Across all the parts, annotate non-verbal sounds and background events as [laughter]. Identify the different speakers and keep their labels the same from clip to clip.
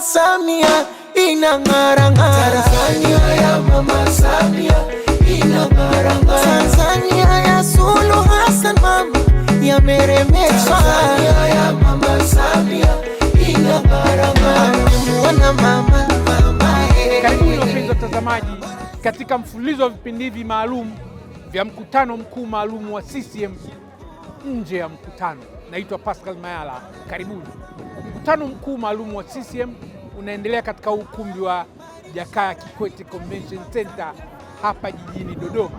Speaker 1: Samia inang'ara ng'ara. Tanzania ya Mama Samia inang'ara ng'ara. Tanzania ya Suluhu Hassan mama yameremeshwa. Tanzania ya Mama Samia inang'ara ng'ara. Mwana mama mama, hey. Eh. Karibuni wapenzi watazamaji katika mfululizo wa vipindi hivi maalum vya mkutano mkuu maalum wa CCM nje ya mkutano. Naitwa Pascal Mayala, karibuni. Mkutano mkuu maalum wa CCM unaendelea katika ukumbi wa Jakaya Kikwete Convention Center hapa jijini Dodoma.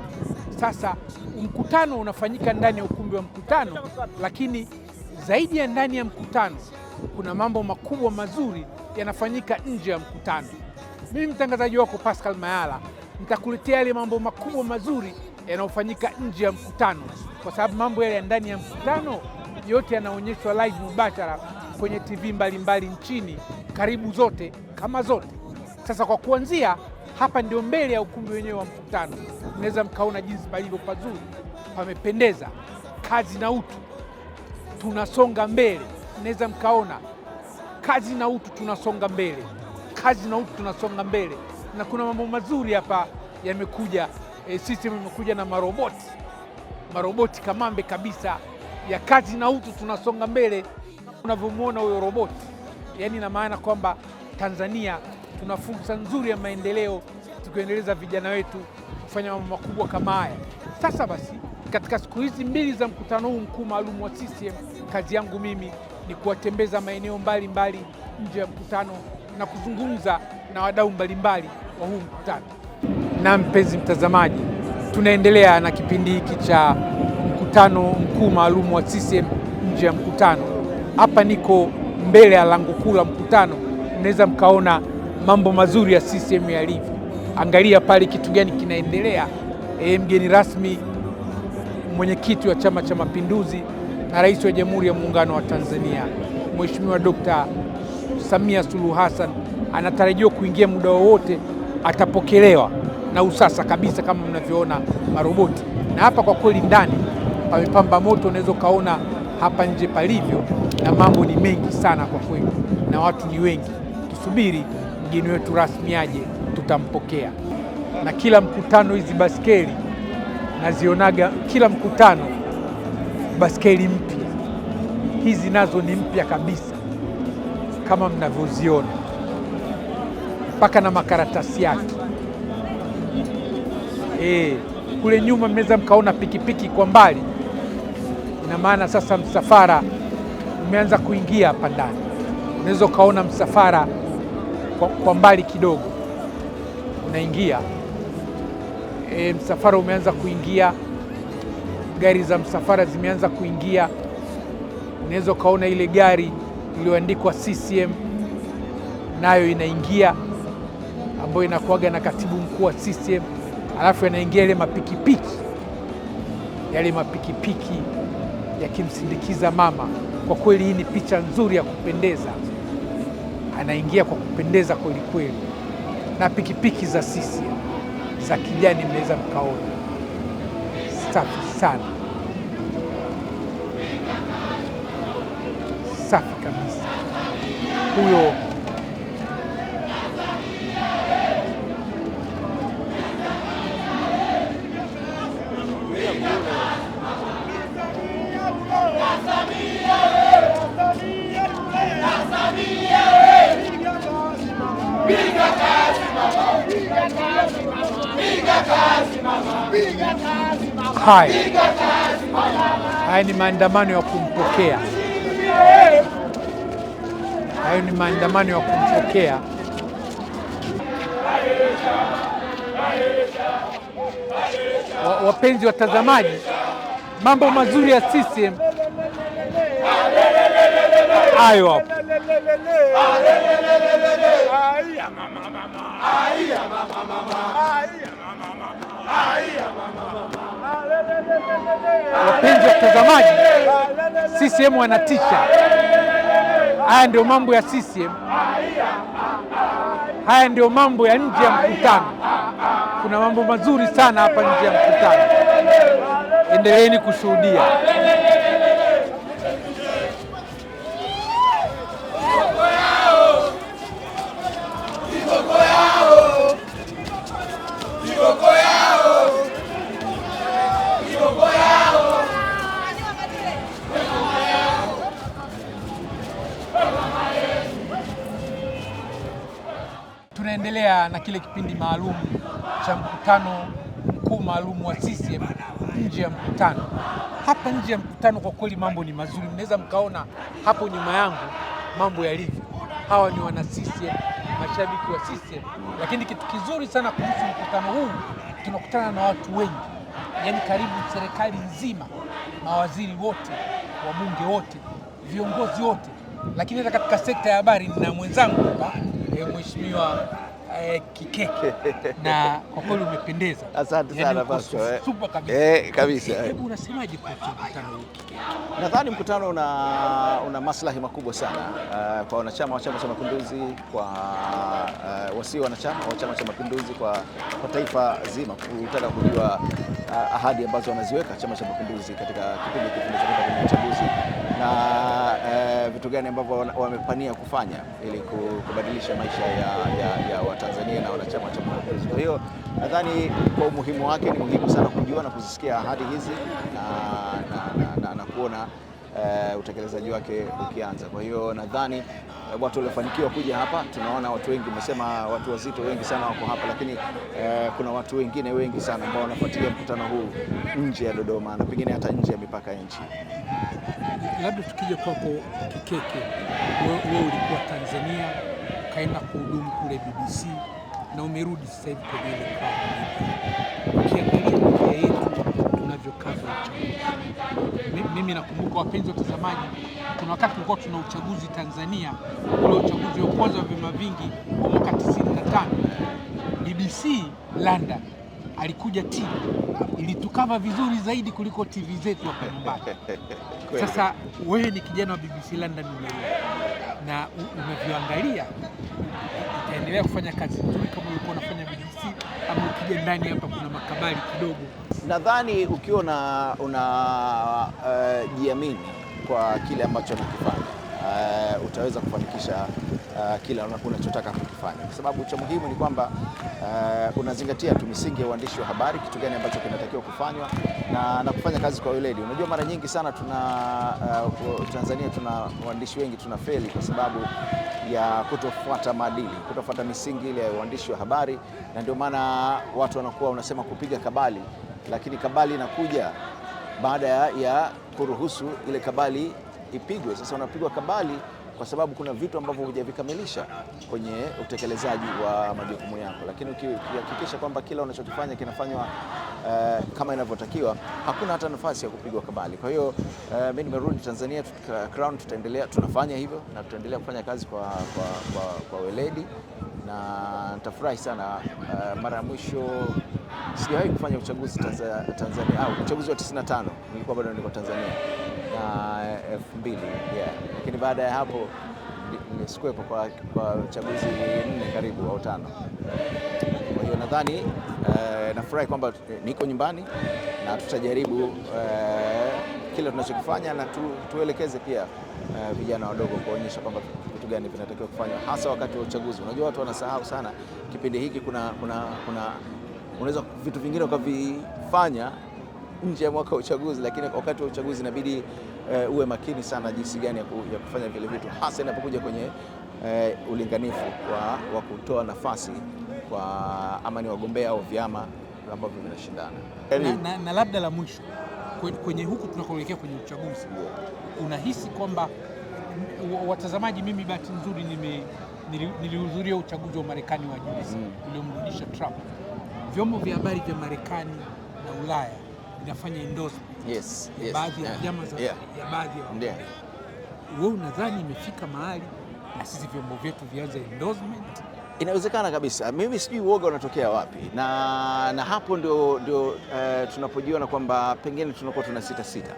Speaker 1: Sasa mkutano unafanyika ndani ya ukumbi wa mkutano, lakini zaidi ya ndani ya mkutano kuna mambo makubwa mazuri yanafanyika nje ya mkutano. Mimi mtangazaji wako Pascal Mayala nitakuletea yale mambo makubwa mazuri yanayofanyika nje ya mkutano, kwa sababu mambo yale ya ndani ya mkutano yote yanaonyeshwa live mubashara kwenye TV mbalimbali mbali nchini karibu zote kama zote. Sasa kwa kuanzia hapa ndio mbele ya ukumbi wenyewe wa mkutano, mnaweza mkaona jinsi palivyo pazuri, pamependeza, kazi na utu, tunasonga mbele. Mnaweza mkaona kazi na utu, tunasonga mbele, kazi na utu, tunasonga mbele. Na kuna mambo mazuri hapa yamekuja, e, system imekuja na maroboti, maroboti kamambe kabisa ya kazi na utu, tunasonga mbele. Unavyomwona huyo roboti yani na maana kwamba Tanzania tuna fursa nzuri ya maendeleo tukiendeleza vijana wetu kufanya mambo makubwa kama haya. Sasa basi, katika siku hizi mbili za mkutano huu mkuu maalum wa CCM, kazi yangu mimi ni kuwatembeza maeneo mbalimbali nje ya mkutano na kuzungumza na wadau mbalimbali wa huu mkutano. Na mpenzi mtazamaji, tunaendelea na kipindi hiki cha mkutano mkuu maalum wa CCM nje ya mkutano. Hapa niko mbele ya lango kuu la mkutano, mnaweza mkaona mambo mazuri ya CCM yalivyo. Angalia pale kitu gani kinaendelea. E, mgeni rasmi mwenyekiti wa Chama cha Mapinduzi na Rais wa Jamhuri ya Muungano wa Tanzania Mheshimiwa Dkt. Samia Suluhu Hassan anatarajiwa kuingia muda wowote, atapokelewa na usasa kabisa kama mnavyoona maroboti. Na hapa kwa kweli ndani pamepamba moto, unaweza ukaona hapa nje palivyo na mambo ni mengi sana kwa kweli, na watu ni wengi. Tusubiri mgeni wetu rasmi aje, tutampokea. Na kila mkutano hizi baskeli nazionaga, kila mkutano baskeli mpya. Hizi nazo ni mpya kabisa kama mnavyoziona, mpaka na makaratasi yake. E, kule nyuma mnaweza mkaona pikipiki kwa mbali, ina maana sasa msafara umeanza kuingia hapa ndani, unaweza ukaona msafara kwa, kwa mbali kidogo unaingia. E, msafara umeanza kuingia, gari za msafara zimeanza kuingia. Unaweza ukaona ile gari iliyoandikwa CCM nayo inaingia, ambayo inakuaga na katibu mkuu wa CCM, alafu yanaingia ile mapikipiki yale mapikipiki yakimsindikiza mama. Kwa kweli hii ni picha nzuri ya kupendeza, anaingia kwa kupendeza kweli kweli, na pikipiki za sisi za kijani mnaweza mkaona, safi sana, safi kabisa huyo hai. Haya ni maandamano ya kumpokea, hayo ni maandamano ya kumpokea. Wapenzi watazamaji, mambo mazuri ya CCM hayo hapo. Wapenzi wa mtazamaji, CCM wanatisha. Haya ndio mambo ya CCM, haya ndio mambo ya nje ya mkutano. Kuna mambo mazuri sana hapa nje ya mkutano, endeleeni kushuhudia. kile kipindi maalum cha mkutano mkuu maalum wa CCM nje ya mkutano. Hapa nje ya mkutano kwa kweli mambo ni mazuri, mnaweza mkaona hapo nyuma yangu mambo yalivyo. Hawa ni wana CCM, mashabiki wa CCM, lakini kitu kizuri sana kuhusu mkutano huu tunakutana na watu wengi, yaani karibu serikali nzima, mawaziri wote, wabunge wote, viongozi wote, lakini hata katika sekta ya habari nina mwenzangu hapa eh, mheshimiwa eh, kikeke [laughs] na kwa kweli umependeza.
Speaker 2: Asante yaani sana pastor. Eh,
Speaker 1: super kabisa. Eh, kabisa. Eh. Hebu unasemaje kuhusu mkutano huu?
Speaker 2: Nadhani mkutano una, una maslahi makubwa sana uh, kwa wanachama wa Chama cha Mapinduzi, kwa uh, wasio wanachama wa Chama cha Mapinduzi, kwa, kwa taifa zima kutaka kujua uh, ahadi ambazo wanaziweka Chama cha Mapinduzi katika kipindi kinachokwenda kwenye uchaguzi na e, vitu gani ambavyo wamepania kufanya ili kubadilisha maisha ya, ya, ya Watanzania na wanachama cha Mapinduzi. Kwa hiyo nadhani kwa umuhimu wake ni muhimu sana kujua na kuzisikia ahadi hizi na, na, na, na, na kuona e, utekelezaji wake ukianza. Kwa hiyo nadhani eh, watu waliofanikiwa kuja hapa, tunaona watu wengi, umesema watu wazito wengi sana wako hapa, lakini eh, kuna watu wengine wengi sana ambao wanafuatilia mkutano huu nje ya Dodoma na pengine hata nje ya mipaka ya nchi
Speaker 1: labda tukija kwako Kikeke, wewe ulikuwa Tanzania ukaenda kuhudumu kule BBC na umerudi sasa hivi kwenye ile ukiangalia media yetu tunavyokava uchaguzi, mimi nakumbuka, wapenzi watazamaji, kuna wakati tulikuwa tuna uchaguzi Tanzania, ule uchaguzi wa kwanza wa vyama vingi wa mwaka 95 BBC London alikuja TV ilitukava vizuri zaidi kuliko TV zetu hapa nyumbani. [laughs] Sasa wewe ni kijana wa BBC London na unavyoangalia itaendelea kufanya kazi nzuri kama ulikuwa unafanya BBC, ama ukija ndani hapa kuna makabali kidogo.
Speaker 2: Nadhani ukiwa una uh, jiamini uh, kwa kile ambacho unakifanya uh, utaweza kufanikisha uh, eh, kila unachotaka kukifanya, kwa sababu cha muhimu ni kwamba uh, unazingatia tu misingi ya uandishi wa habari, kitu gani ambacho kinatakiwa kufanywa na, na kufanya kazi kwa weledi. Unajua, mara nyingi sana tuna uh, Tanzania tuna waandishi wengi tuna feli kwa sababu ya kutofuata maadili, kutofuata misingi ile ya uandishi wa habari, na ndio maana watu wanakuwa unasema kupiga kabali, lakini kabali inakuja baada ya kuruhusu ile kabali ipigwe. Sasa unapigwa kabali kwa sababu kuna vitu ambavyo hujavikamilisha kwenye utekelezaji wa majukumu yako, lakini ukihakikisha kwamba kila unachokifanya kinafanywa uh, kama inavyotakiwa, hakuna hata nafasi ya kupigwa kabali. Kwa hiyo uh, mimi nimerudi Tanzania tuka, Crown tutaendelea tunafanya hivyo na tutaendelea kufanya kazi kwa, kwa, kwa, kwa weledi na nitafurahi sana uh, mara ya mwisho sijawahi kufanya uchaguzi Tanzania, Tanzania au uchaguzi wa 95 nilikuwa bado niko Tanzania elfu mbili yeah. Lakini baada ya hapo nisikuwepo kwa, kwa chaguzi nne karibu au tano. Kwa hiyo nadhani eh, nafurahi kwamba eh, niko nyumbani na tutajaribu eh, kile tunachokifanya na tu, tuelekeze pia eh, vijana wadogo kuonyesha kwamba vitu gani vinatakiwa kufanywa hasa wakati wa uchaguzi. Unajua watu wanasahau sana kipindi hiki, kuna, kuna, kuna unaweza vitu vingine ukavifanya nje ya mwaka wa uchaguzi, lakini wakati wa uchaguzi inabidi uh, uwe makini sana jinsi gani ya kufanya vile vitu, hasa inapokuja kwenye uh, ulinganifu wa, wa kutoa nafasi kwa ama ni wagombea au vyama ambavyo vinashindana na, na, na labda la mwisho kwenye huku tunakoelekea kwenye uchaguzi, unahisi kwamba watazamaji, mimi bahati nzuri nilihudhuria uchaguzi wa Marekani wa juzi mm, uliomrudisha Trump. Vyombo vya habari vya Marekani na Ulaya vinafanya endorsement yes, yes, baadhi ya vyama yeah, ya baadhi ya yeah. Wewe unadhani imefika mahali na sisi vyombo vyetu vianze endorsement? Inawezekana kabisa. Mimi sijui uoga unatokea wapi, na, na hapo ndio, ndio uh, tunapojiona kwamba pengine tunakuwa tuna sita sita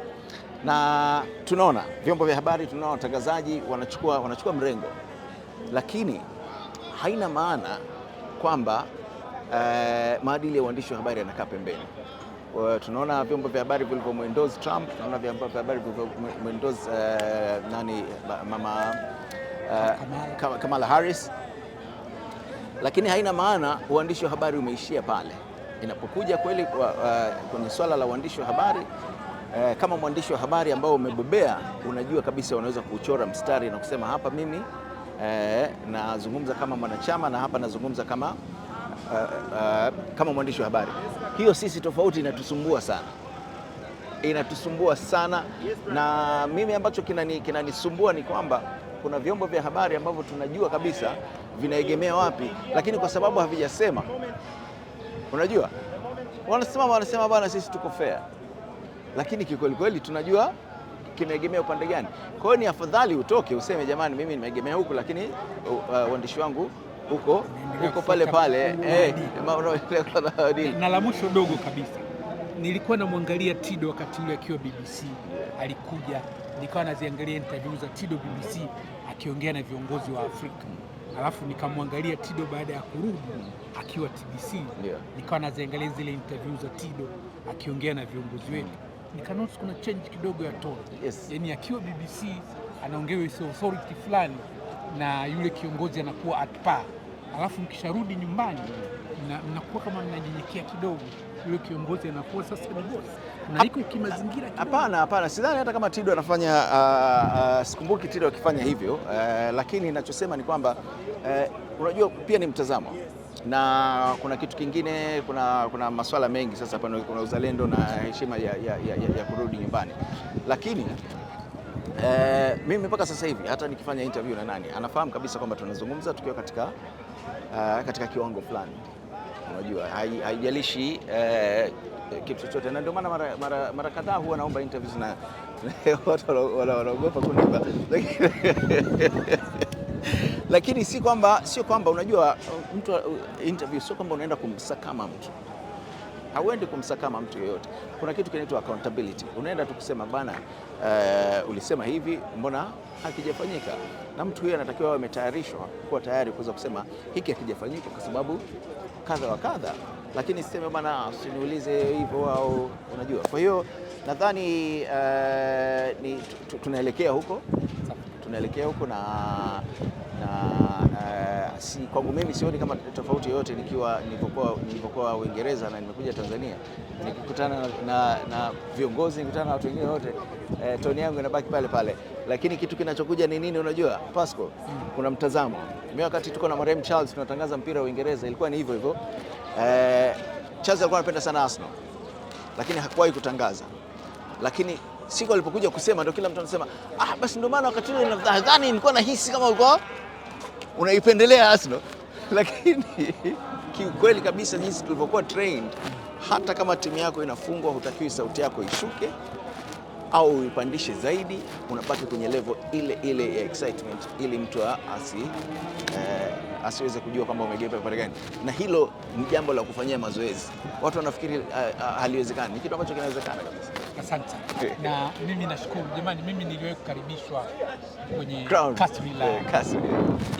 Speaker 2: na tunaona vyombo vya habari, tunaona watangazaji wanachukua, wanachukua mrengo, lakini haina maana kwamba uh, maadili ya uandishi wa habari yanakaa pembeni tunaona vyombo vya habari vilivyomwendoza Trump, tunaona vyombo vya habari vilivyomwendoza uh, eh, nani mama uh, Kamala Harris, lakini haina maana uandishi wa habari umeishia pale. Inapokuja kweli uh, kwenye swala la uandishi wa habari uh, kama mwandishi wa habari ambao umebobea, unajua kabisa unaweza kuchora mstari na kusema hapa mimi uh, nazungumza kama mwanachama na hapa nazungumza kama uh, uh, kama mwandishi wa habari. Hiyo sisi tofauti inatusumbua sana, inatusumbua sana na mimi ambacho kinanisumbua kinani ni kwamba kuna vyombo vya habari ambavyo tunajua kabisa vinaegemea wapi, lakini kwa sababu havijasema, unajua wanasema wanasema bwana, sisi tuko fair, lakini kikweli kweli tunajua kinaegemea upande gani. Kwa hiyo ni afadhali utoke useme, jamani, mimi nimeegemea huku, lakini uh, uh, wangu huko huko pale pale, eh, na la mwisho dogo kabisa, nilikuwa namwangalia Tido wakati ule akiwa BBC, alikuja nikawa naziangalia interview za Tido BBC akiongea na viongozi wa Afrika alafu nikamwangalia Tido baada ya kurudi akiwa TBC Nikawa naziangalia zile interview za Tido akiongea na viongozi wetu mm. Nikanosi kuna change kidogo ya tone yes. Yani akiwa BBC anaongea with authority fulani na yule kiongozi anakuwa atpa, alafu mkisharudi nyumbani mnakuwa kama mnanyenyekea kidogo, yule kiongozi anakuwa sasa ni boss na iko kimazingira. Hapana, hapana, sidhani hata kama Tido anafanya uh, uh, sikumbuki Tido akifanya hivyo uh, lakini ninachosema ni kwamba uh, unajua pia ni mtazamo na kuna kitu kingine, kuna, kuna masuala mengi sasa. Kuna uzalendo na heshima ya, ya, ya, ya kurudi nyumbani, lakini Eh, mimi mpaka sasa hivi hata nikifanya interview na nani anafahamu kabisa kwamba tunazungumza tukiwa katika, uh, katika kiwango fulani, unajua haijalishi eh, kitu chochote, na ndio maana mara, mara, mara kadhaa huwa naomba interviews na [laughs] watu wanaogopa kunipa [laughs] lakini si kwamba sio kwamba unajua mtu interview sio kwamba unaenda kumsakama mtu hauendi kumsakama mtu yoyote. Kuna kitu kinaitwa accountability. Unaenda tu kusema bana, uh, ulisema hivi, mbona hakijafanyika? Na mtu huyo anatakiwa awe ametayarishwa kuwa tayari kuweza kusema hiki hakijafanyika kwa sababu kadha wa kadha, lakini siseme bana, usiniulize hivyo au unajua. Kwa hiyo nadhani uh, ni tunaelekea huko tunaelekea huko na na uh, si, kwangu mimi sioni kama tofauti yoyote nikiwa nilipokuwa nilipokuwa Uingereza na nimekuja Tanzania, nikikutana na, na, na viongozi nikutana na watu wengine wote eh, toni yangu inabaki pale pale, lakini kitu kinachokuja ni nini? Unajua Pasco, kuna mtazamo. Mimi wakati tuko na marehemu Charles tunatangaza mpira wa Uingereza ilikuwa ni hivyo hivyo eh, Charles alikuwa anapenda sana Arsenal lakini hakuwahi kutangaza, lakini siku alipokuja kusema ndio kila mtu anasema ah, basi ndio maana wakati ule nadhani nilikuwa nahisi kama ulikuwa unaipendelea Arsenal [laughs] lakini kiukweli kabisa jinsi tulivyokuwa trained, hata kama timu yako inafungwa hutakiwi sauti yako ishuke au uipandishe zaidi, unabaki kwenye level ile ile ya excitement ili mtu asi eh, asiweze kujua kwamba umegepa pale gani. Na hilo ni jambo la kufanyia mazoezi. Watu wanafikiri eh, haliwezekani, ni kitu ambacho kinawezekana kabisa. Asante sana eh. na mimi nashukuru jamani, mimi niliwahi kukaribishwa kwenye kasri la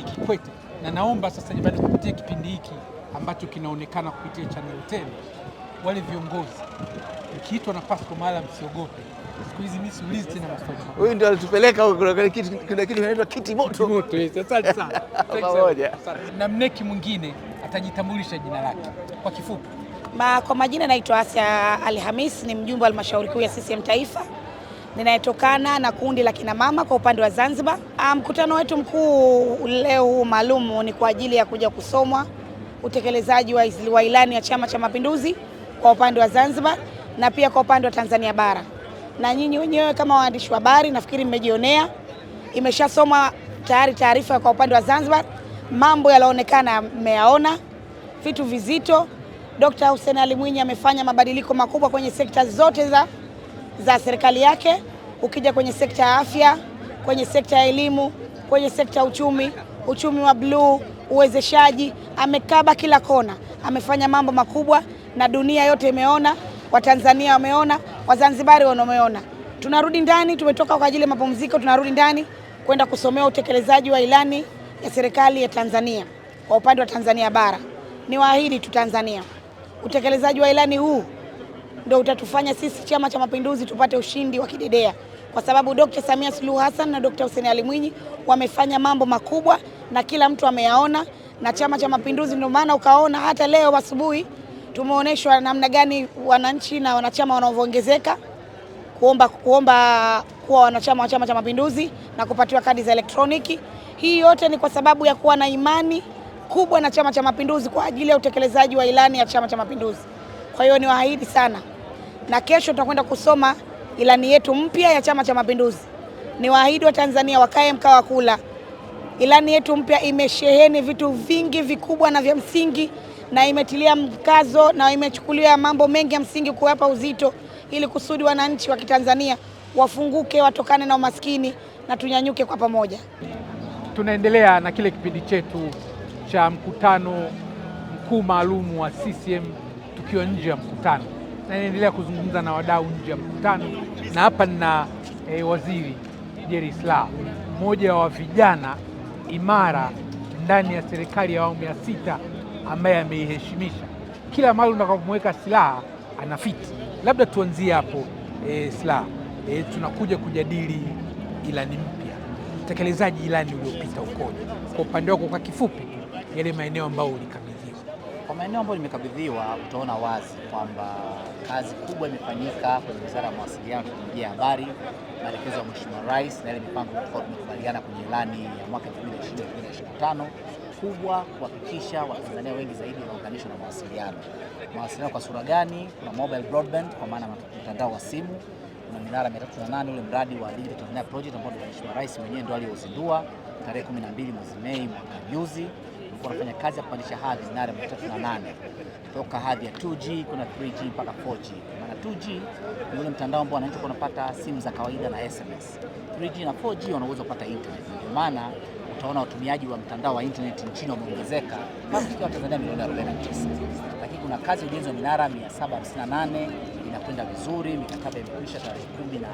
Speaker 2: Kikwete, na naomba sasa jamani, kupitia kipindi hiki ambacho kinaonekana kupitia channel 10 wale viongozi ukiitwa na Pasco mahala msiogope. Siku hizi mimi siulizi tena maswali. Huyu ndio alitupeleka huko, kuna kitu kinaitwa kiti moto. Asante sana. [laughs] Na mneki mwingine atajitambulisha jina lake kwa kifupi. Ma, kwa majina naitwa Asia Alhamis ni mjumbe wa halmashauri kuu ya CCM Taifa ninayetokana na kundi la kinamama kwa upande wa Zanzibar. Ah, mkutano wetu mkuu leo huu maalum ni kwa ajili ya kuja kusomwa utekelezaji wa ilani ya Chama cha Mapinduzi kwa upande wa Zanzibar na pia kwa upande wa Tanzania bara, na nyinyi wenyewe kama waandishi wa habari nafikiri mmejionea, imeshasoma tayari taarifa kwa upande wa Zanzibar, mambo yalioonekana mmeyaona, vitu vizito Dkt. Hussein Ali Mwinyi amefanya mabadiliko makubwa kwenye sekta zote za, za serikali yake. Ukija kwenye sekta ya afya, kwenye sekta ya elimu, kwenye sekta ya uchumi, uchumi wa bluu, uwezeshaji, amekaba kila kona, amefanya mambo makubwa na dunia yote imeona, Watanzania wameona, Wazanzibari wanameona. Tunarudi ndani, tumetoka kwa ajili ya mapumziko, tunarudi ndani kwenda kusomea utekelezaji wa ilani ya serikali ya Tanzania kwa upande wa Tanzania bara. Niwaahidi tu Tanzania utekelezaji wa ilani huu ndio utatufanya sisi Chama cha Mapinduzi tupate ushindi wa kidedea, kwa sababu Dr. Samia Suluhu Hassan na Dr. Hussein Ali Mwinyi wamefanya mambo makubwa na kila mtu ameyaona, na Chama cha Mapinduzi ndio maana ukaona hata leo asubuhi tumeonyeshwa namna gani wananchi na wanachama wanavyoongezeka kuomba, kuomba kuwa wanachama wa Chama cha Mapinduzi na kupatiwa kadi za elektroniki. Hii yote ni kwa sababu ya kuwa na imani kubwa na Chama cha Mapinduzi kwa ajili ya utekelezaji wa ilani ya Chama cha Mapinduzi. Kwa hiyo niwaahidi sana, na kesho tutakwenda kusoma ilani yetu mpya ya Chama cha Mapinduzi. Niwaahidi Watanzania wakae mkao wa kula. Ilani yetu mpya imesheheni vitu vingi vikubwa na vya msingi, na imetilia mkazo na imechukulia mambo mengi ya msingi kuwapa uzito, ili kusudi wananchi wa Kitanzania wafunguke, watokane na umaskini na tunyanyuke kwa pamoja. Tunaendelea na kile kipindi chetu cha mkutano mkuu maalum wa CCM tukiwa nje ya mkutano, na niendelea kuzungumza na wadau nje ya mkutano, na hapa nina eh, waziri Jerry Silaa, mmoja wa vijana imara ndani ya serikali ya awamu ya sita ambaye ameiheshimisha kila mahali unakamweka Silaa anafiti. Labda tuanzie hapo eh, Silaa eh, tunakuja kujadili ilani mpya, utekelezaji ilani uliopita ukoje kwa upande wako, kwa kifupi yale maeneo ambayo ulikabidhiwa? Kwa maeneo ambayo nimekabidhiwa, utaona wazi kwamba kazi kubwa imefanyika kwenye Wizara ya Mawasiliano, tukiingia habari, maelekezo ya Mheshimiwa Rais na ile mipango tumekubaliana kwenye ilani ya mwaka 2020-2025 kubwa kuhakikisha Watanzania wengi zaidi wanaunganishwa na mawasiliano. Mawasiliano kwa sura gani? Kuna mobile broadband kwa maana mtandao wa simu, na minara 308 ule mradi wa Digital Tanzania Project ambao Mheshimiwa Rais mwenyewe ndio aliozindua tarehe 12 mwezi Mei mwaka juzi walikuwa wanafanya kazi ya kupandisha hadhi zinara 308 toka hadhi ya 2G kuna 3G mpaka 4G. Maana 2G ni ule mtandao ambao wananchi wanapata simu za kawaida na SMS. 3G na 4G wanaweza kupata internet. Ndio maana utaona watumiaji wa mtandao wa internet nchini wameongezeka kama tukiwa Tanzania milioni 49. Lakini kuna kazi ujenzi wa minara 758 inakwenda vizuri, mikataba imekwisha tarehe kumi na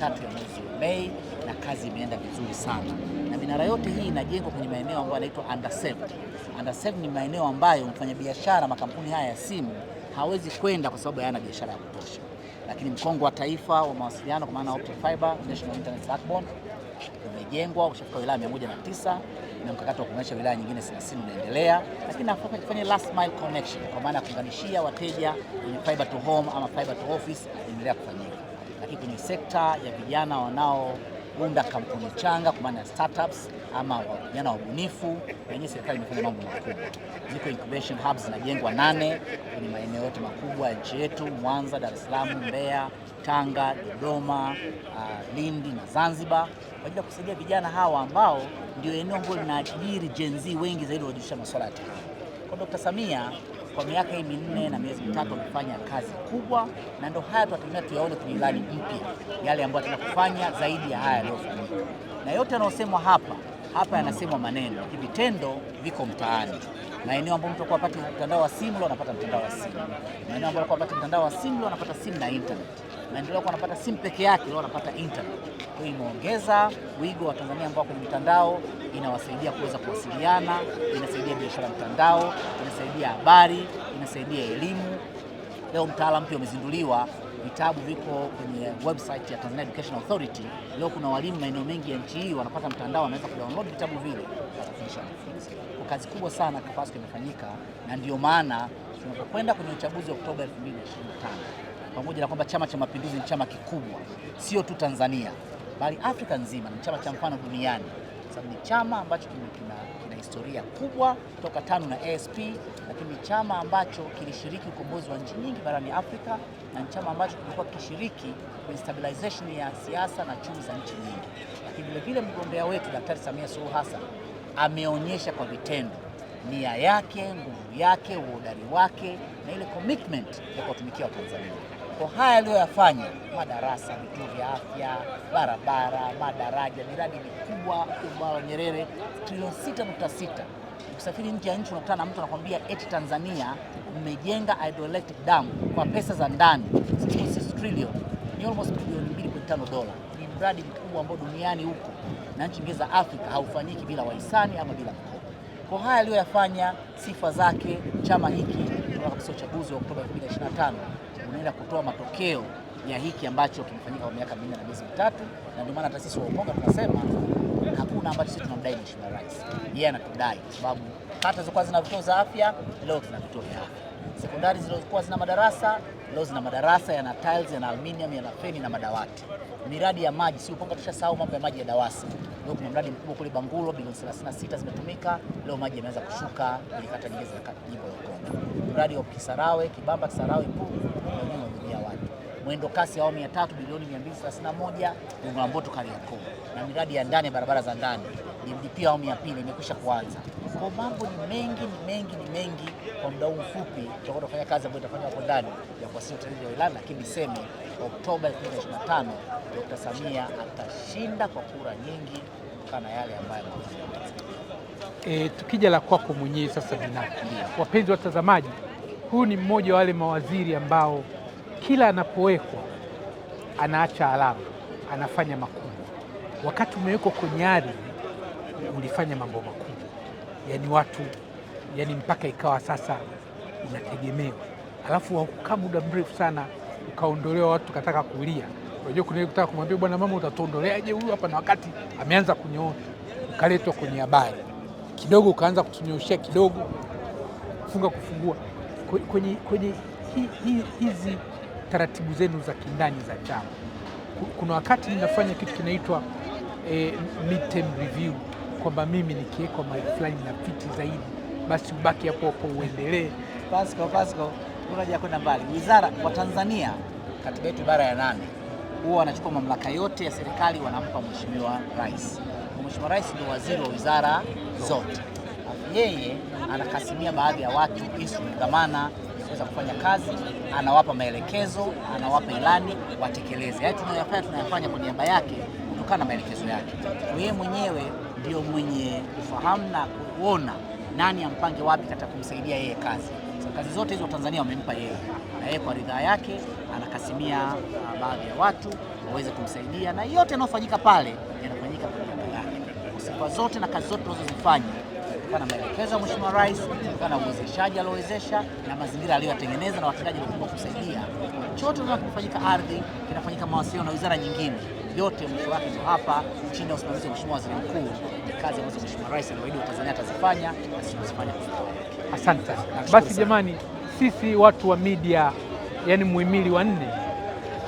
Speaker 2: tatu ya mwezi Mei na kazi imeenda vizuri sana, na minara yote hii inajengwa kwenye maeneo ambayo yanaitwa underserved. Underserved ni maeneo ambayo mfanyabiashara, makampuni haya ya simu hawezi kwenda kwa sababu hayana biashara ya kutosha, lakini mkongo wa taifa wa mawasiliano kwa maana optic fiber, national internet backbone umejengwa ushafika wilaya 109 na mkakati wa kuunganisha wilaya nyingine 30 unaendelea, lakini nafaka kufanya last mile connection kwa maana ya kuunganishia wateja kwenye fiber to home ama fiber to office inaendelea kufanyika, lakini kwenye sekta ya vijana wanao kuunda kampuni changa kwa maana startups ama vijana wabunifu, na yenyewe serikali imefanya mambo makubwa. Ziko incubation hubs zinajengwa nane kwenye maeneo yote makubwa ya nchi yetu, Mwanza, Dar es Salaam, Mbeya, Tanga, Dodoma, uh, Lindi na Zanzibar, kwa ajili ya kusaidia vijana hawa ambao ndio eneo ambalo linaajiri Gen Z wengi zaidi wanaojihusisha masuala ya tehama. Kwa Dr. Samia kwa miaka hii minne na miezi mitatu amefanya kazi kubwa, na ndio haya tunatumia tuyaone kwenye ilani mpya, yale ambayo tunakufanya zaidi ya haya yaliyofanyika. Na yote yanayosemwa hapa hapa yanasemwa maneno, vitendo viko mtaani. Maeneo ambayo mtu apati mtandao wa simu anapata mtandao wa simu, maeneo ambayo apati mtandao wa simu anapata simu na internet, maendeleo anapata simu peke yake anapata internet imeongeza wigo wa Tanzania ambao kwenye mitandao inawasaidia kuweza kuwasiliana, inasaidia biashara mtandao, inasaidia habari, inasaidia elimu. Leo mtaala mpya umezinduliwa, vitabu viko kwenye website ya Tanzania Education Authority. Leo kuna walimu maeneo mengi ya nchi hii wanapata mtandao, wanaweza kudownload vitabu vile wakafundisha wanafunzi. Kwa kazi kubwa sana kafasi imefanyika, na ndio maana tunapokwenda kwenye uchaguzi wa Oktoba 2025 pamoja na kwamba Chama cha Mapinduzi ni chama kikubwa, sio tu Tanzania bali Afrika nzima. Ni chama cha mfano duniani, sababu ni chama ambacho kina, kina historia kubwa toka tano na ASP, lakini ni chama ambacho kilishiriki ukombozi wa nchi nyingi barani Afrika na ni chama ambacho kimekuwa kikishiriki kwenye stabilization ya siasa na chumi za nchi nyingi. Lakini vilevile mgombea wetu Daktari Samia Suluhu Hassan ameonyesha kwa vitendo nia yake, nguvu yake, uhodari wake na ile commitment ya kuwatumikia Watanzania kwa haya aliyoyafanya, madarasa, vituo vya afya, barabara, madaraja, miradi mikubwa ambayo Nyerere trilioni 6.6. Ukisafiri nje ya nchi unakutana na mtu anakwambia eti Tanzania mmejenga hydroelectric dam kwa pesa za ndani trilioni, ni almost bilioni 2.5 dola. Ni mradi mkubwa ambao duniani huko na nchi nyingine za Afrika haufanyiki bila wahisani ama bila mkopo. Kwa haya aliyoyafanya, sifa zake chama hiki katika uchaguzi wa Oktoba 2025 unaenda kutoa matokeo ya hiki ambacho kimefanyika kwa miaka minne na miezi mitatu, na ndio maana hata sisi wa Uponga tunasema hakuna ambacho sisi tunamdai Mheshimiwa Rais, yeye anatudai, kwa sababu kata zilikuwa zina vituo za afya, leo tuna vituo vya afya sekondari zilizokuwa zina madarasa leo zina madarasa yana tiles, yana aluminium, yana feni na madawati. Miradi ya maji si upanga tushasahau mambo ya maji ya DAWASA. Leo kuna mradi mkubwa kule Bangulo bilioni 36 zimetumika, leo maji yameanza kushuka kwenye kata nyingi za jimbo la Ukonga. Mradi wa Kisarawe Kibamba Kisarawe mwendo kasi awamu ya tatu bilioni 231 Gongo la Mboto Kariakoo, na miradi ya ndani ya barabara za ndani DMDP awamu ya pili imekwisha kuanza. Kwa mambo ni mengi ni mengi ni mengi. Kwa muda huu mfupi tutakuwa tunafanya kazi ambayo itafanya hapo ndani ya kuasisi utendaji wa wilaya, lakini niseme Oktoba 2025 Dr. Samia atashinda kwa kura nyingi kutokana na yale ambayo E, tukija la kwako mwenyewe sasa binafsi, wapenzi watazamaji, huu ni mmoja wa wale mawaziri ambao kila anapowekwa anaacha alama, anafanya makubwa. Wakati umewekwa kwenye ardhi ulifanya mambo makubwa, yani watu, yani mpaka ikawa sasa unategemewa, alafu haukukaa muda mrefu sana ukaondolewa. Watu kataka kulia, unajua kuna kutaka kumwambia bwana mama, utatuondoleaje huyu hapa, na wakati ameanza kunyoosha, ukaletwa kwenye habari kidogo, ukaanza kutunyoshia kidogo, funga kufungua kwenye, kwenye hizi hi, hizi taratibu zenu za kindani za chama. Kuna wakati ninafanya kitu kinaitwa e, midterm review kwamba mimi nikiwekwa mahali fulani na fiti zaidi, basi ubaki hapo hapo uendelee. Pasco, Pasco, unaja kwenda mbali. Wizara wa Tanzania katiba yetu ibara ya nane huwa wanachukua mamlaka yote ya serikali wanampa mheshimiwa rais. Mheshimiwa rais ndio waziri wa wizara zote, yeye anakasimia baadhi ya watu, isu dhamana kuweza kufanya kazi, anawapa maelekezo, anawapa ilani watekeleze. Yaani tunayofanya tunayafanya kwa niaba yake kutokana na maelekezo yake. Yeye mwenyewe ndio mwenye kufahamu na kuona nani ampange wapi katika kumsaidia yeye kazi. So, kazi zote hizo Tanzania wamempa yeye na yeye kwa ridhaa yake anakasimia uh, baadhi ya watu waweze kumsaidia, na yote yanayofanyika pale yanafanyika kwa niaba yake. Sifa zote na kazi zote tunazozifanya kutokana na maelekezo ya Mheshimiwa Rais, kutokana na uwezeshaji aliowezesha na mazingira aliyotengeneza na watendaji waliokuwa kusaidia. Chote kinafanyika ardhi, kinafanyika mawasiliano na wizara nyingine, yote mwisho wake ndio hapa chini ya usimamizi wa Mheshimiwa Waziri Mkuu. Ni kazi ambazo Mheshimiwa Rais aliwaahidi Watanzania atazifanya na sisi tutazifanya. Asante. Basi jamani, sisi watu wa media, yani muhimili wa nne,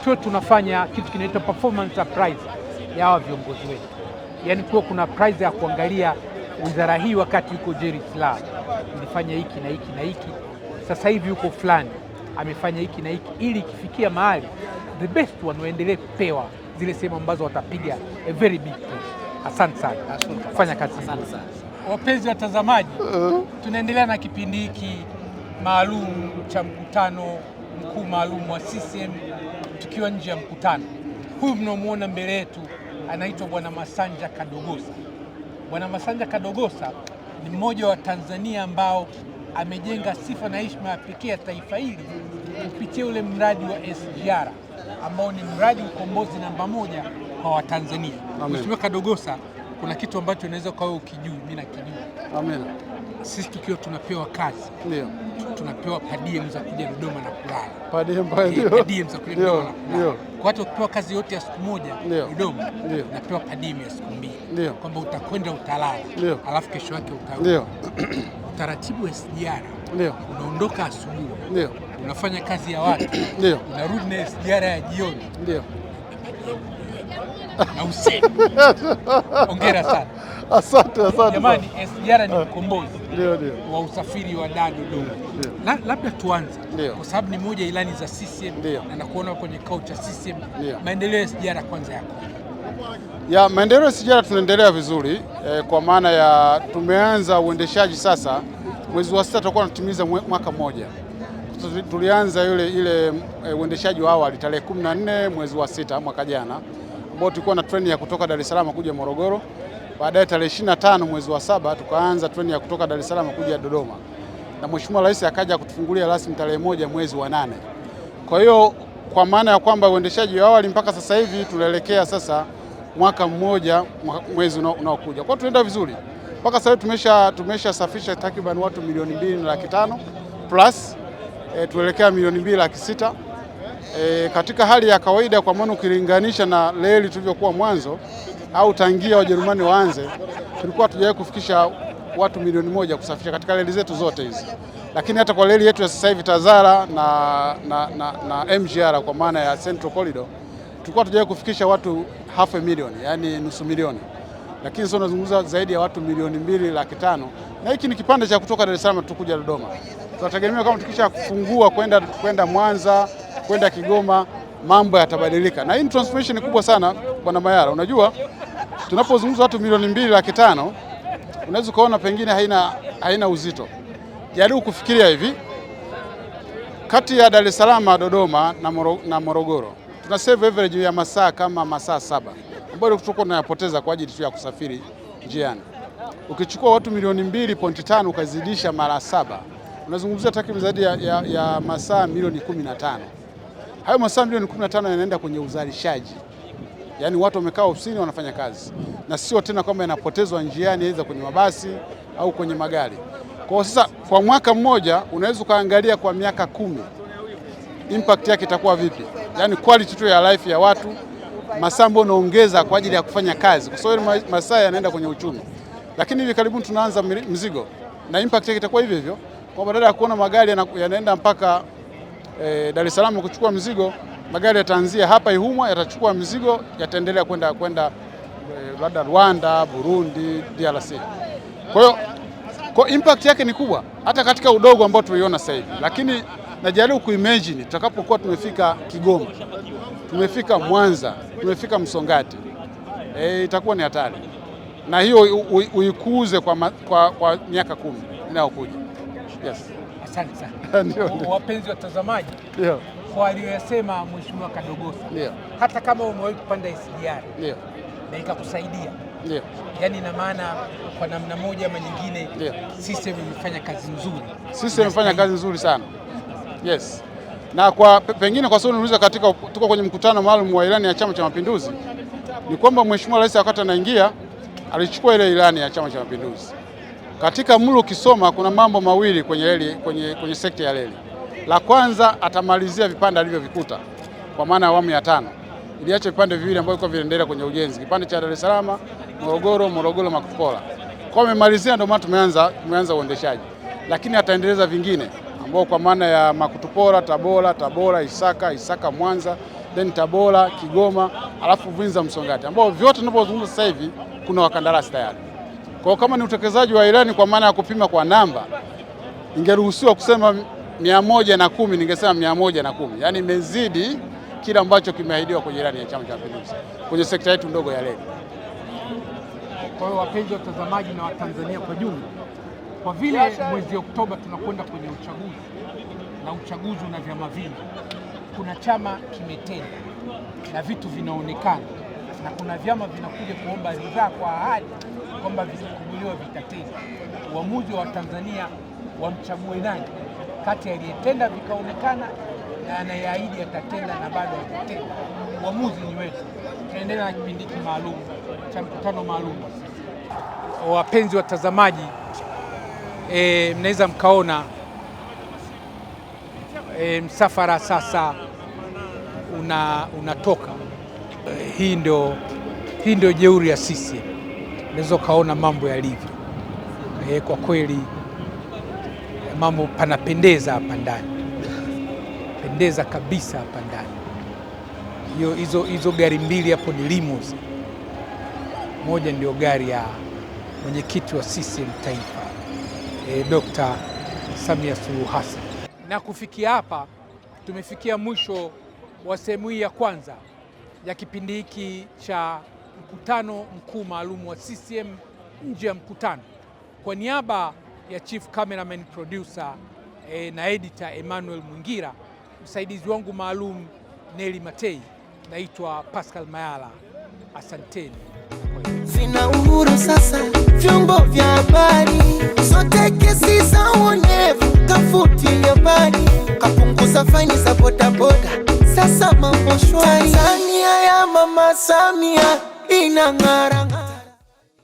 Speaker 2: tuwe tunafanya kitu kinaitwa performance appraisal ya hawa viongozi wetu, yani kuwa kuna prize ya kuangalia wizara hii wakati yuko Jerry Silaa ilifanya hiki na hiki na hiki, sasa hivi yuko fulani amefanya hiki na hiki, ili ikifikia mahali the best one waendelee kupewa zile sehemu ambazo watapiga a very big push. Asante sana, fanya kazi. Asante sana wapenzi watazamaji, uh-huh. tunaendelea na kipindi hiki maalum cha mkutano mkuu maalum wa CCM tukiwa nje ya mkutano. Huyu mnaomuona mbele yetu anaitwa Bwana Masanja Kadogosa. Bwana Masanja Kadogosa ni mmoja wa Tanzania ambao amejenga sifa na heshima ya pekee ya taifa hili kupitia ule mradi wa SGR ambao ni mradi ukombozi namba moja kwa Watanzania. Mheshimiwa Kadogosa, kuna kitu ambacho unaweza kwa wewe ukijui, mimi nakijua. Amen. Sisi tukiwa tunapewa kazi ndio tunapewa padiem za kuja Dodoma na kulala. Kwa hata ukipewa kazi yote ya siku moja Dodoma, napewa padiem ya siku mbili ndio kwamba utakwenda utalala, alafu kesho yake uta utaratibu wa SGR unaondoka asubuhi, unafanya kazi ya watu, unarudi na SGR ya jioni na usiku. Hongera sana. Asante, asante. Jamani, SGR ni mkombozi wa usafiri wa ndani Dodoma. La, labda tuanze kwa sababu ni moja ilani za CCM na nakuona kwenye cha CCM, maendeleo ya SGR kwanza yako ya maendeleo SGR tunaendelea vizuri eh, kwa maana ya tumeanza uendeshaji sasa. Mwezi wa sita tutakuwa tunatimiza mwaka mmoja. Tulianza ile ile eh, uendeshaji wa awali tarehe 14 mwezi wa sita mwaka jana, ambao tulikuwa na treni ya kutoka Dar es Salaam kuja Morogoro. Baadaye tarehe 25 mwezi wa saba tukaanza treni ya kutoka Dar es Salaam kuja Dodoma, na Mheshimiwa Rais akaja kutufungulia rasmi tarehe moja mwezi wa nane. Kwa hiyo kwa maana ya kwamba uendeshaji wa awali mpaka sasa hivi tunaelekea sasa mwaka mmoja mwezi unaokuja. Kwa tunaenda vizuri mpaka sasa tumesha tumeshasafisha takriban watu milioni mbili na laki tano plus e, tuelekea milioni mbili laki sita e, katika hali ya kawaida, kwa maana ukilinganisha na leli tulivyokuwa mwanzo au tangia Wajerumani waanze, tulikuwa hatujawahi kufikisha watu milioni moja kusafisha katika reli zetu zote hizi, lakini hata kwa reli yetu ya sasa hivi Tazara na, na, na, na MGR kwa maana ya Central Corridor tulikuwa tujawahi kufikisha watu half a million, yani nusu milioni, lakini sasa unazungumza zaidi ya watu milioni mbili laki tano na hiki ni kipande cha kutoka Dar es Salaam tukuja Dodoma. Tunategemea kama tukisha kufungua kwenda kwenda Mwanza kwenda Kigoma mambo yatabadilika, na hii transformation kubwa sana Bwana Mayara. Unajua, tunapozungumza watu milioni mbili laki tano unaweza ukaona pengine haina, haina uzito. Jaribu kufikiria hivi, kati ya Dar es Salaam, Dodoma na Morogoro tuna save average ya masaa kama masaa saba ambayo tulikuwa tunayapoteza kwa ajili tu ya kusafiri njiani. Ukichukua watu milioni mbili pointi tano ukazidisha mara saba unazungumzia takriban zaidi ya, ya, ya masaa milioni kumi na tano. Hayo masaa milioni kumi na tano yanaenda kwenye uzalishaji, yaani watu wamekaa ofisini wanafanya kazi, na sio tena kwamba yanapotezwa njiani, aidha kwenye mabasi au kwenye magari. Kwa sasa kwa mwaka mmoja unaweza ukaangalia kwa miaka kumi impact yake itakuwa vipi? yani quality tu ya life ya watu, masaa ambayo unaongeza kwa ajili ya kufanya kazi, kwa sababu masaa yanaenda kwenye uchumi. Lakini hivi karibuni tunaanza mzigo na impact yake itakuwa hivyo hivyo, kwa badala ya kuona magari yanaenda mpaka e, Dar es Salaam kuchukua mzigo, magari yataanzia hapa Ihumwa, yatachukua mzigo, yataendelea kwenda kwenda eh, labda Rwanda, Burundi, DRC. Kwa hiyo kwa impact yake ni kubwa hata katika udogo ambao tumeiona sasa hivi, lakini najaribu kuimagine tutakapokuwa tumefika Kigoma, tumefika Mwanza, tumefika Msongati, e, itakuwa ni hatari, na hiyo uikuze kwa, kwa, kwa miaka kumi inayokuja. Yes. Asante sana [laughs] wapenzi watazamaji, ndio kwa aliyoyasema Mheshimiwa Kadogosa, ndio hata kama umewahi kupanda SGR ndio na ikakusaidia ndio, yaani ina maana kwa namna moja ama nyingine, sisi imefanya kazi nzuri, sisi imefanya kazi nzuri sana. Yes. Na kwa pengine kwa sababu niuliza katika tuko kwenye mkutano maalum wa ilani ya Chama cha Mapinduzi ni kwamba Mheshimiwa Rais wakati anaingia alichukua ile ilani ya Chama cha Mapinduzi. Katika mlo ukisoma kuna mambo mawili kwenye reli, kwenye, kwenye sekta ya reli. La kwanza atamalizia vipande alivyovikuta kwa maana awamu ya tano iliacha vipande viwili ambavyo kwa vinaendelea kwenye ujenzi, kipande cha Dar es Salaam Morogoro, Morogoro Makupola. kwa amemalizia, ndio maana tumeanza tumeanza uendeshaji, lakini ataendeleza vingine ambao kwa maana ya Makutupora, Tabora, Tabora, Isaka, Isaka, Mwanza, then Tabora, Kigoma, alafu Vinza, Msongati, ambao vyote tunavyozungumza sasa hivi kuna wakandarasi tayari. Kwa kama ni utekelezaji wa ilani kwa maana ya kupima kwa namba, ingeruhusiwa kusema mia moja na kumi ningesema mia moja na kumi yaani imezidi kile ambacho kimeahidiwa kwenye ilani ya Chama cha Mapinduzi kwenye sekta yetu ndogo ya reli. Kwa hiyo wapenzi watazamaji na Watanzania kwa jumla kwa vile mwezi Oktoba tunakwenda kwenye uchaguzi na uchaguzi una vyama vingi, kuna chama kimetenda na vitu vinaonekana, na kuna vyama vinakuja kuomba ridhaa kwa ahadi kwamba vikikubaliwa vitatenda. Uamuzi wa Tanzania wamchague nani kati ya aliyetenda vikaonekana na anayeahidi atatenda na bado atatenda. Uamuzi ni wetu. Tunaendelea na kipindi maalum cha mkutano maalum. Wapenzi watazamaji e, mnaweza mkaona e, msafara sasa una, unatoka. Hii ndio hii ndio jeuri ya sisi, unaweza ukaona mambo yalivyo. E, kwa kweli mambo panapendeza hapa ndani, pendeza kabisa hapa ndani. Hiyo hizo hizo gari mbili hapo ni limousine, moja ndio gari ya mwenyekiti wa CCM taifa e, eh, Dr. Samia Suluhu Hassan. Na kufikia hapa tumefikia mwisho wa sehemu hii ya kwanza ya kipindi hiki cha mkutano mkuu maalum wa CCM nje ya mkutano. Kwa niaba ya chief cameraman producer e, na editor Emmanuel Mwingira, msaidizi wangu maalum Neli Matei, naitwa Pascal Mayala. Asanteni vina uhuru sasa vyombo vya habari, zote kesi za uonevu kafutilia habari, kapunguza faini za bodaboda, sasa mambo shwari. Tanzania ya Mama Samia inang'ara.